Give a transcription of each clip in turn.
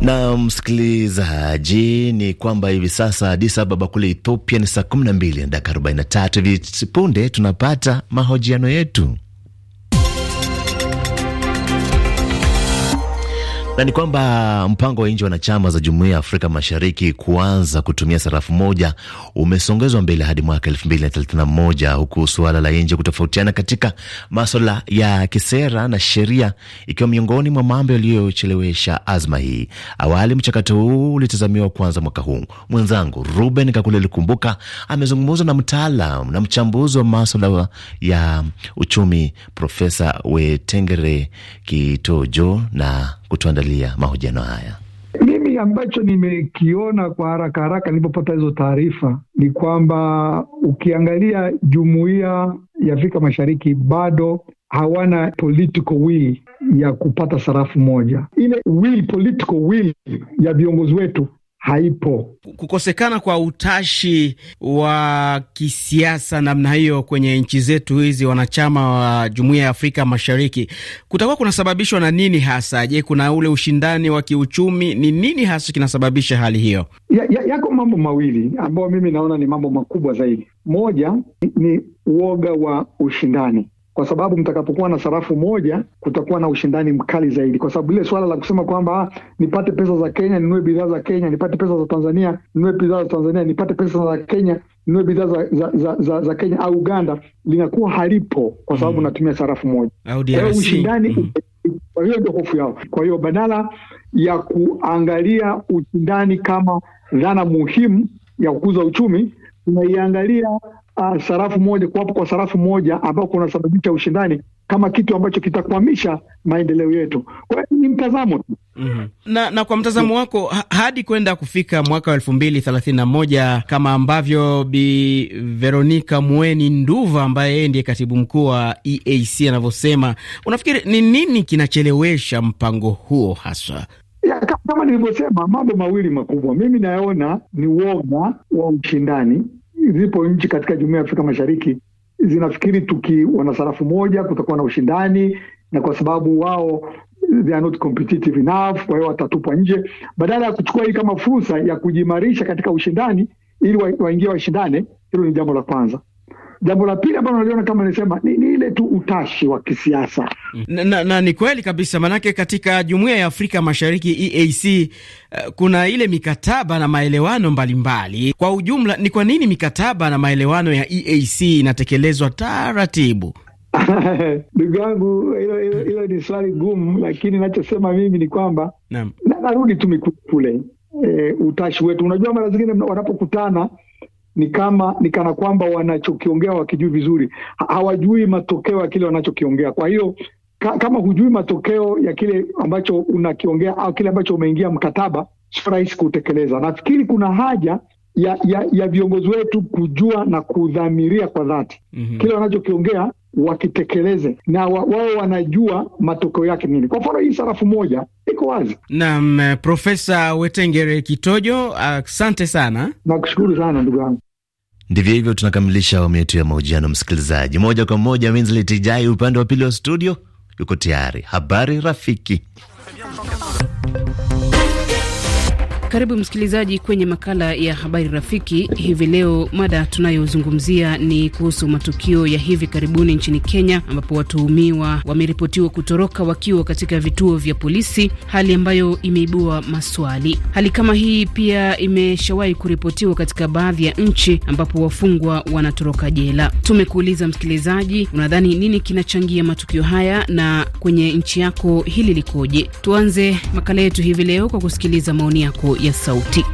Na msikilizaji, ni kwamba hivi sasa Addis Ababa kule Ethiopia ni saa 12 na dakika 43. Hivi punde tunapata mahojiano yetu. na ni kwamba mpango wa nchi wanachama za Jumuiya ya Afrika Mashariki kuanza kutumia sarafu moja umesongezwa mbele hadi mwaka moja huku suala la nji kutofautiana katika maswala ya kisera na sheria ikiwa miongoni mwa mambo yaliyochelewesha azma hii. Awali mchakato huu ulitazamiwa kuanza mwaka huu. Mwenzangu Ruben Kakule Likumbuka amezungumza na mtaalam na mchambuzi wa maswala ya uchumi Profesa Wetengere Kitojo na kutuandalia mahojiano haya. Mimi ambacho nimekiona kwa haraka haraka nilipopata hizo taarifa ni kwamba ukiangalia jumuiya ya Afrika Mashariki bado hawana political will ya kupata sarafu moja. Ile will, political will ya viongozi wetu haipo. Kukosekana kwa utashi wa kisiasa namna hiyo kwenye nchi zetu hizi wanachama wa Jumuiya ya Afrika Mashariki kutakuwa kunasababishwa na nini hasa? Je, kuna ule ushindani wa kiuchumi? Ni nini hasa kinasababisha hali hiyo? Ya, ya, yako mambo mawili ambayo mimi naona ni mambo makubwa zaidi. Moja ni uoga wa ushindani kwa sababu mtakapokuwa na sarafu moja kutakuwa na ushindani mkali zaidi, kwa sababu lile swala la kusema kwamba ah, nipate pesa za Kenya ninunue bidhaa za Kenya, nipate pesa za Tanzania ninunue bidhaa za Tanzania, nipate pesa za Kenya ninunue bidhaa za, za, za, za, za Kenya au Uganda linakuwa halipo, kwa sababu unatumia mm. sarafu moja. Kwa ushindani mm. Kwa hiyo ndio hofu yao. Kwa hiyo badala ya kuangalia ushindani kama dhana muhimu ya kukuza uchumi, tunaiangalia uh, sarafu moja kuwapo kwa sarafu moja ambao kunasababisha ushindani kama kitu ambacho kitakwamisha maendeleo yetu. Kwa hiyo ni mtazamo tu mm -hmm. Na, na kwa mtazamo wako hadi kwenda kufika mwaka wa elfu mbili thelathini na moja kama ambavyo Bi Veronica Mweni Nduva ambaye yeye ndiye katibu mkuu wa EAC anavyosema, unafikiri ni nini kinachelewesha mpango huo haswa? Ya, kama nilivyosema, mambo mawili makubwa mimi nayaona ni uoga wa ushindani zipo nchi katika jumuia ya Afrika Mashariki zinafikiri tuki wana sarafu moja kutakuwa na ushindani, na kwa sababu wao they are not competitive enough, kwa hiyo watatupwa nje, badala ya kuchukua hii kama fursa ya kujimarisha katika ushindani ili waingie washindane. Hilo ni jambo la kwanza. Jambo la pili ambalo naliona kama nisema ni, ni ile tu utashi wa kisiasa na, na, na ni kweli kabisa, manake katika jumuiya ya Afrika Mashariki EAC uh, eh, kuna ile mikataba na maelewano mbalimbali mbali. Kwa ujumla ni kwa nini mikataba na maelewano ya EAC inatekelezwa taratibu? Ndugu yangu, hilo ni swali gumu, lakini nachosema mimi ni kwamba narudi na, tu mikuu kule e, utashi wetu. Unajua mara zingine wanapokutana ni kama ni kana kwamba wanachokiongea wakijui vizuri, hawajui matokeo ya kile wanachokiongea. Kwa hiyo ka, kama hujui matokeo ya kile ambacho unakiongea au kile ambacho umeingia mkataba, sio rahisi kutekeleza. Nafikiri kuna haja ya, ya, ya viongozi wetu kujua na kudhamiria kwa dhati mm -hmm. kile wanachokiongea wakitekeleze na wao wanajua matokeo yake nini. Kwa mfano hii sarafu moja iko wazi. Naam, eh, Profesa Wetengere Kitojo, asante uh, sana. Nakushukuru sana ndugu yangu. Ndivyo hivyo tunakamilisha awamu yetu ya mahojiano, msikilizaji. Moja kwa moja Minzletijai upande wa pili wa studio yuko tayari. Habari rafiki karibu msikilizaji kwenye makala ya habari rafiki. Hivi leo mada tunayozungumzia ni kuhusu matukio ya hivi karibuni nchini Kenya ambapo watuhumiwa wameripotiwa kutoroka wakiwa katika vituo vya polisi, hali ambayo imeibua maswali. Hali kama hii pia imeshawahi kuripotiwa katika baadhi ya nchi ambapo wafungwa wanatoroka jela. Tumekuuliza msikilizaji, unadhani nini kinachangia matukio haya na kwenye nchi yako hili likoje? Tuanze makala yetu hivi leo kwa kusikiliza maoni yako ya sauti.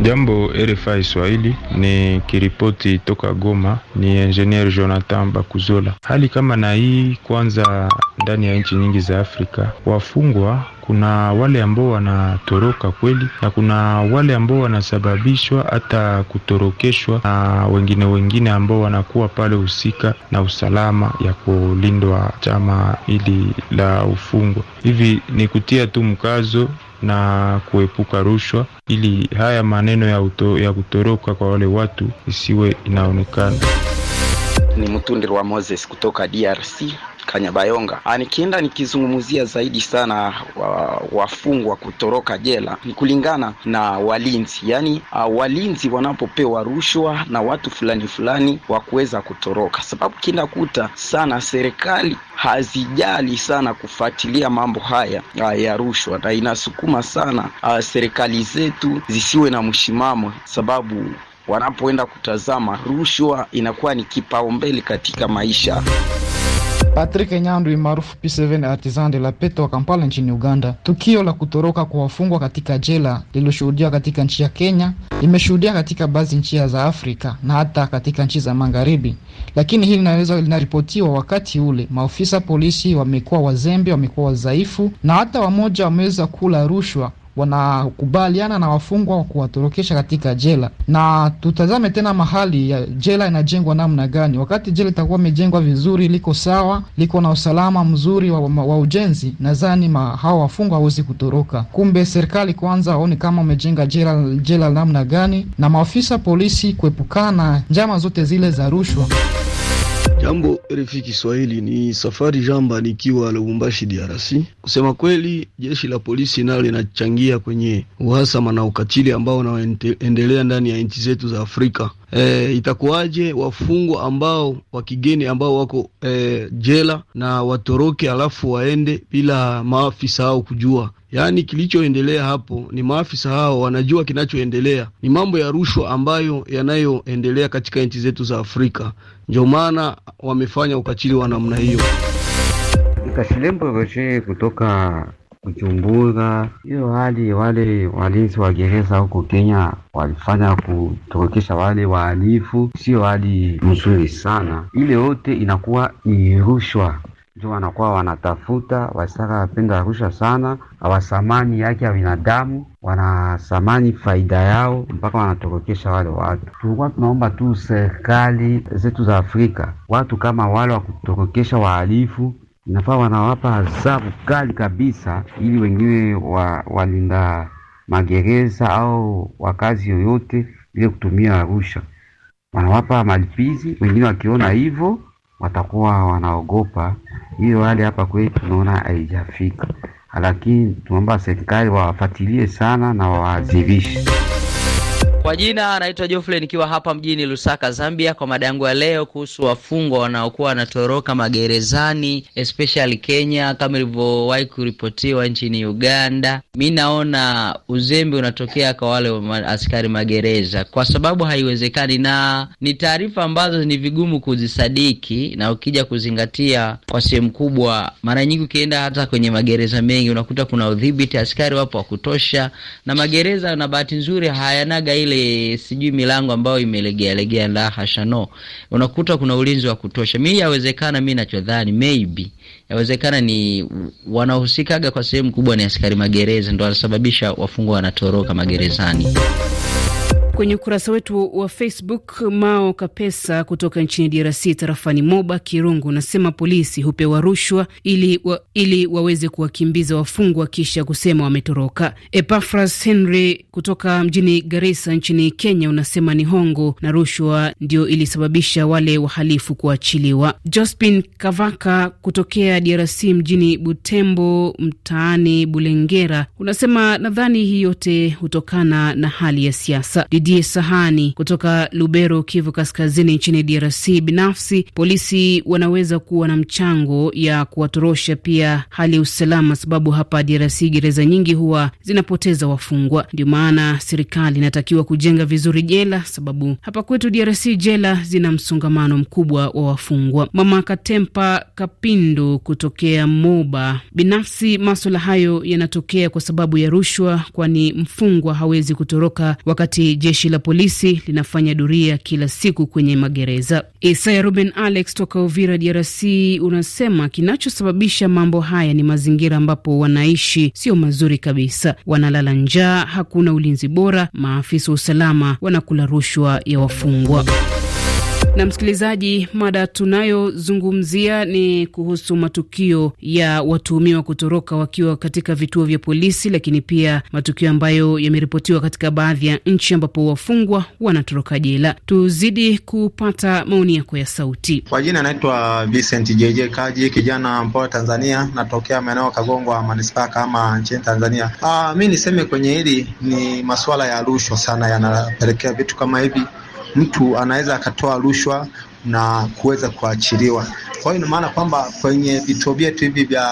Jambo RFI Swahili, ni kiripoti toka Goma, ni engineer Jonathan Bakuzola. Hali kama na hii kwanza, ndani ya nchi nyingi za Afrika wafungwa kuna wale ambao wanatoroka kweli na kuna wale ambao wanasababishwa hata kutorokeshwa na wengine wengine ambao wanakuwa pale husika na usalama ya kulindwa chama hili la ufungwa. Hivi ni kutia tu mkazo na kuepuka rushwa, ili haya maneno ya, uto, ya kutoroka kwa wale watu isiwe inaonekana. Ni wa Moses kutoka DRC. Kanyabayonga. Ah, nikienda nikizungumzia zaidi sana wafungwa kutoroka jela ni kulingana na walinzi, yaani ah, walinzi wanapopewa rushwa na watu fulani fulani wa kuweza kutoroka, sababu kinakuta sana serikali hazijali sana kufuatilia mambo haya ah, ya rushwa, na inasukuma sana a, serikali zetu zisiwe na mshimamo sababu wanapoenda kutazama rushwa inakuwa ni kipaumbele katika maisha. Patrick Nyandwi maarufu P7 Artisan de la Paix wa Kampala nchini Uganda. Tukio la kutoroka kwa wafungwa katika jela lililoshuhudiwa katika nchi ya Kenya limeshuhudia katika baadhi nchi za Afrika na hata katika nchi za Magharibi, lakini hili linaweza linaripotiwa wakati ule maofisa polisi wamekuwa wazembe, wamekuwa wadhaifu na hata wamoja wameweza kula rushwa wanakubaliana na wafungwa wa kuwatorokesha katika jela. Na tutazame tena mahali ya jela inajengwa namna gani. Wakati jela itakuwa imejengwa vizuri, liko sawa, liko na usalama mzuri wa, wa, wa ujenzi, nadhani hawa wafungwa hawezi kutoroka. Kumbe serikali kwanza aone kama umejenga jela, jela namna gani, na maafisa polisi kuepukana njama zote zile za rushwa. Jambo RFI Kiswahili, ni Safari Jamba nikiwa Lubumbashi, DRC. Kusema kweli, jeshi la polisi nalo linachangia kwenye uhasama na ukatili ambao unaoendelea ndani ya nchi zetu za Afrika e, itakuwaje wafungwa ambao wa kigeni ambao wako e, jela na watoroke alafu waende bila maafisa hao kujua? Yaani, kilichoendelea hapo ni maafisa hao wanajua kinachoendelea. Ni mambo ya rushwa ambayo yanayoendelea katika nchi zetu za Afrika, ndio maana wamefanya ukatili wa namna hiyo. Kashilembo kutoka kuchunguza hiyo hali. Wale walinzi wa gereza huko Kenya walifanya kutorokesha wale wahalifu, sio hali mzuri sana. Ile yote inakuwa ni rushwa, ndio wanakuwa wanatafuta wasaka wapenda rushwa sana, hawasamani yake ya binadamu, wanasamani faida yao mpaka wanatorokesha wale watu. Tulikuwa tunaomba tu serikali zetu za Afrika, watu kama wale wa kutorokesha wahalifu inafaa wanawapa adhabu kali kabisa, ili wengine wa, walinda magereza au wakazi yoyote ile kutumia Arusha, wanawapa malipizi. Wengine wakiona hivyo watakuwa wanaogopa. Hiyo hali hapa kwetu tunaona haijafika, lakini tunaomba serikali wawafuatilie sana na wawaadhibishe. Kwa jina anaitwa Jofle, nikiwa hapa mjini Lusaka, Zambia, kwa mada yangu ya leo kuhusu wafungwa wanaokuwa wanatoroka magerezani especially Kenya, kama ilivyowahi kuripotiwa nchini Uganda. Mi naona uzembe unatokea kwa wale askari magereza, kwa sababu haiwezekani, na ni taarifa ambazo ni vigumu kuzisadiki, na ukija kuzingatia kwa sehemu kubwa, mara nyingi ukienda hata kwenye magereza mengi unakuta kuna udhibiti, askari wapo wa kutosha, na magereza na bahati nzuri hayanaga ile sijui milango ambayo imelegea legea, la hasha, no, unakuta kuna ulinzi wa kutosha. mi yawezekana, mi nachodhani maybe yawezekana ni wanahusikaga kwa sehemu kubwa ni askari magereza, ndo wanasababisha wafungwa wanatoroka magerezani. Kwenye ukurasa wetu wa Facebook, Mao Kapesa kutoka nchini DRC, tarafani Moba Kirungu, unasema polisi hupewa rushwa ili, wa, ili waweze kuwakimbiza wafungwa kisha kusema wametoroka. Epafras Henry kutoka mjini Garissa nchini Kenya unasema ni hongo na rushwa ndio ilisababisha wale wahalifu kuachiliwa. Jospin Kavaka kutokea DRC mjini Butembo mtaani Bulengera unasema nadhani hii yote hutokana na hali ya siasa. Die Sahani kutoka Lubero, Kivu Kaskazini, nchini DRC. Binafsi, polisi wanaweza kuwa na mchango ya kuwatorosha pia hali ya usalama, sababu hapa DRC gereza nyingi huwa zinapoteza wafungwa. Ndio maana serikali inatakiwa kujenga vizuri jela, sababu hapa kwetu DRC jela zina msongamano mkubwa wa wafungwa. Mama Katempa Kapindu kutokea Moba, binafsi maswala hayo yanatokea kwa sababu ya rushwa, kwani mfungwa hawezi kutoroka wakati jeshi Jeshi la polisi linafanya duria kila siku kwenye magereza. Isaya Ruben Alex toka Uvira, DRC, unasema kinachosababisha mambo haya ni mazingira ambapo wanaishi sio mazuri kabisa. Wanalala njaa, hakuna ulinzi bora, maafisa wa usalama wanakula rushwa ya wafungwa. Na msikilizaji, mada tunayozungumzia ni kuhusu matukio ya watuhumiwa kutoroka wakiwa katika vituo vya polisi, lakini pia matukio ambayo yameripotiwa katika baadhi ya nchi ambapo wafungwa wanatoroka jela. Tuzidi kupata maoni yako ya sauti. Kwa jina anaitwa Vincent JJ Kaji, kijana mpoa Tanzania, natokea maeneo Kagongwa manispaa kama nchini Tanzania. Aa, ah, mi niseme kwenye hili ni masuala ya rushwa sana yanapelekea vitu kama hivi mtu anaweza akatoa rushwa na kuweza kuachiliwa. Kwa hiyo ina maana kwamba kwenye vituo vyetu hivi vya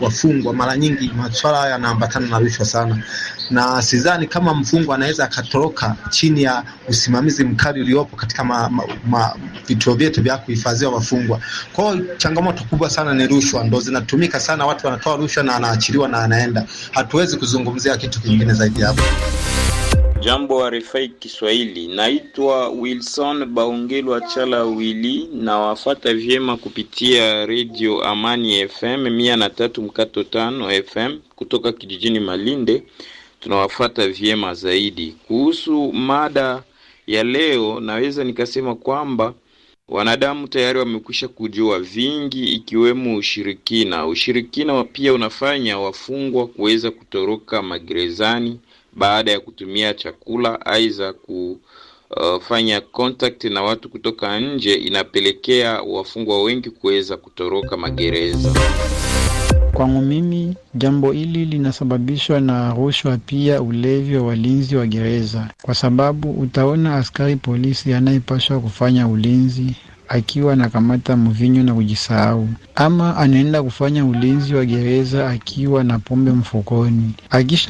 wafungwa mara nyingi maswala haya yanaambatana na rushwa sana, na sidhani kama mfungwa anaweza akatoroka chini ya usimamizi mkali uliopo katika vituo vyetu vya kuhifadhiwa wafungwa. Kwa hiyo changamoto kubwa sana ni rushwa, ndo zinatumika sana, watu wanatoa rushwa na anaachiliwa na anaenda. Hatuwezi kuzungumzia kitu kingine zaidi hapo. Jambo wa Kiswahili, naitwa Wilson baungelwa Chala Wili, na wafata vyema kupitia redio Amani FM mia na tatu mkato tano FM kutoka kijijini Malinde. Tunawafata vyema zaidi. Kuhusu mada ya leo, naweza nikasema kwamba wanadamu tayari wamekwisha kujua vingi, ikiwemo ushirikina. Ushirikina pia unafanya wafungwa kuweza kutoroka magerezani baada ya kutumia chakula aidha kufanya uh, contact na watu kutoka nje, inapelekea wafungwa wengi kuweza kutoroka magereza. Kwangu mimi jambo hili linasababishwa na rushwa, pia ulevi wa walinzi wa gereza, kwa sababu utaona askari polisi anayepashwa kufanya ulinzi akiwa anakamata mvinyo na kujisahau, ama anaenda kufanya ulinzi wa gereza akiwa na pombe mfukoni.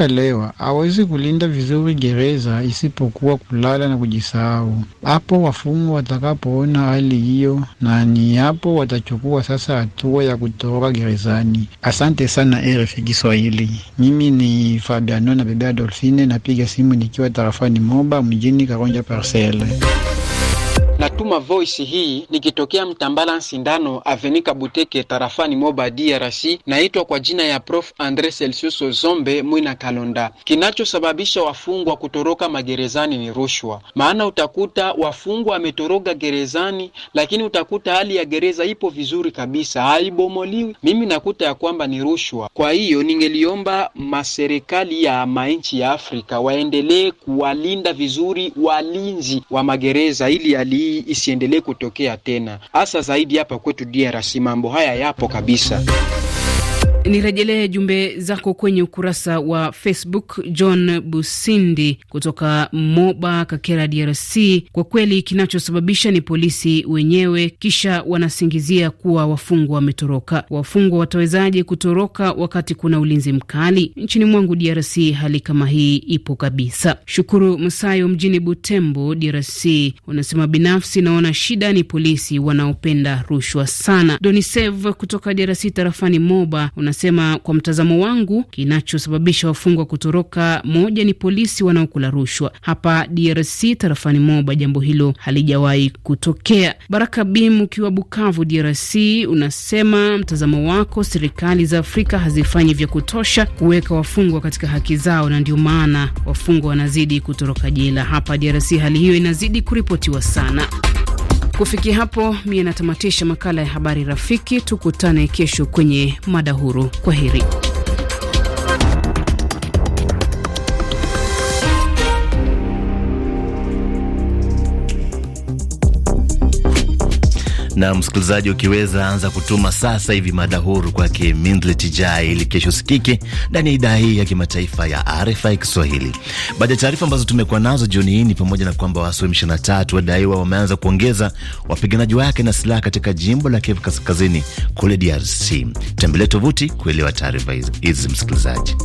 lewa hawezi kulinda vizuri gereza isipokuwa kulala na kujisahau. Hapo wafungwa watakapoona hali hiyo, na ni hapo watachukua sasa hatua ya kutoroka gerezani. Asante sana RFI Kiswahili. Mimi ni Fabiano na bebe Adolfine, napiga simu nikiwa tarafani Moba mjini Karonja Parcele. Natuma voice hii nikitokea Mtambala Sindano Avenika Buteke tarafani Moba DRC. Naitwa kwa jina ya Prof Andre Celsius Zombe Mwina Kalonda. Kinachosababisha wafungwa kutoroka magerezani ni rushwa, maana utakuta wafungwa ametoroka gerezani, lakini utakuta hali ya gereza ipo vizuri kabisa, haibomoliwi. Mimi nakuta ya kwamba ni rushwa. Kwa hiyo ningeliomba maserikali ya manchi ya Afrika waendelee kuwalinda vizuri walinzi wa magereza ili ali hii isiendelee kutokea tena, hasa zaidi hapa kwetu DRC. Mambo haya yapo kabisa. Nirejelee jumbe zako kwenye ukurasa wa Facebook. John Busindi kutoka Moba Kakera, DRC: kwa kweli kinachosababisha ni polisi wenyewe, kisha wanasingizia kuwa wafungwa wametoroka. Wafungwa watawezaje kutoroka wakati kuna ulinzi mkali? Nchini mwangu DRC hali kama hii ipo kabisa. Shukuru Msayo mjini Butembo, DRC unasema binafsi naona shida ni polisi wanaopenda rushwa sana. Donisev kutoka DRC tarafani Moba una anasema kwa mtazamo wangu, kinachosababisha wafungwa kutoroka, moja ni polisi wanaokula rushwa. Hapa DRC tarafani Moba jambo hilo halijawahi kutokea. Baraka Bim ukiwa Bukavu DRC unasema mtazamo wako, serikali za Afrika hazifanyi vya kutosha kuweka wafungwa katika haki zao, na ndio maana wafungwa wanazidi kutoroka jela. Hapa DRC hali hiyo inazidi kuripotiwa sana. Kufikia hapo, mie natamatisha makala ya habari rafiki. Tukutane kesho kwenye mada huru. Kwa heri. Na msikilizaji, ukiweza anza kutuma sasa hivi mada huru kwake Mindlet Jai ili kesho sikike ndani ya idhaa hii ya kimataifa ya RFI Kiswahili. Baada ya taarifa ambazo tumekuwa nazo jioni hii ni pamoja na kwamba waasi wa M23 wadaiwa wameanza kuongeza wapiganaji wake na silaha katika jimbo la Kivu Kaskazini kule DRC. Tembelea tovuti kuelewa taarifa hizi, msikilizaji.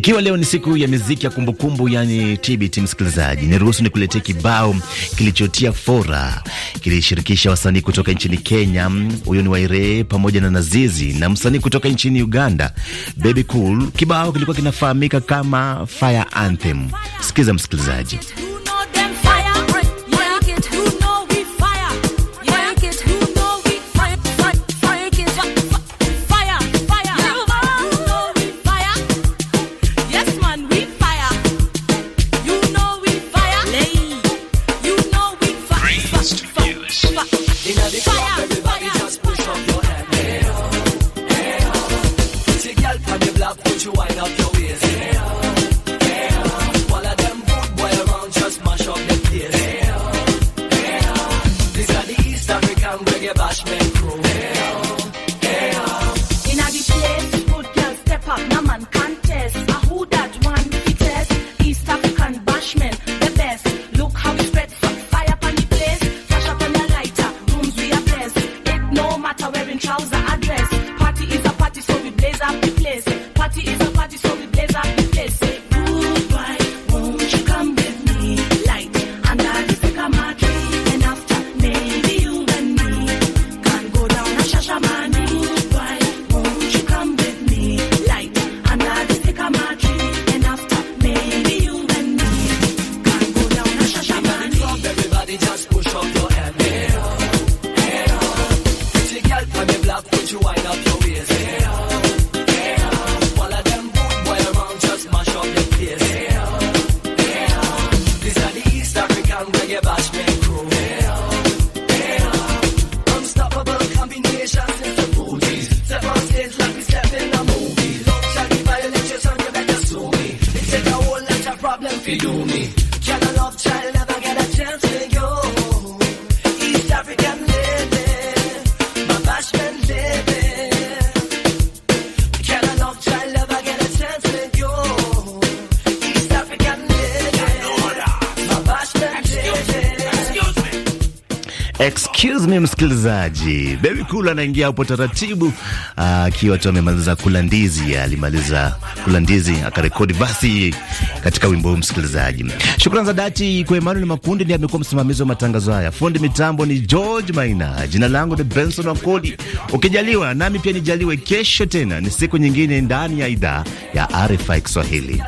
Ikiwa leo ni siku ya miziki ya kumbukumbu, yani TBT, msikilizaji, niruhusu nikuletee kibao kilichotia fora, kilishirikisha wasanii kutoka nchini Kenya, huyo ni Wairee pamoja na Nazizi, na msanii kutoka nchini Uganda, Baby Cool. Kibao kilikuwa kinafahamika kama Fire Anthem. Sikiza msikilizaji. Watch me. me msikilizaji, Baby Cool anaingia hapo taratibu ah, akiwa tu amemaliza kula ndizi. Alimaliza kula ndizi akarekodi basi katika wimbo huu. Msikilizaji, shukrani za dhati kwa Emmanuel Makundi, ndiye amekuwa msimamizi wa matangazo haya. Fundi mitambo ni George Maina, jina langu ni Benson Wakodi. Ukijaliwa nami pia nijaliwe, kesho tena ni siku nyingine ndani ya idhaa ya RFI Kiswahili.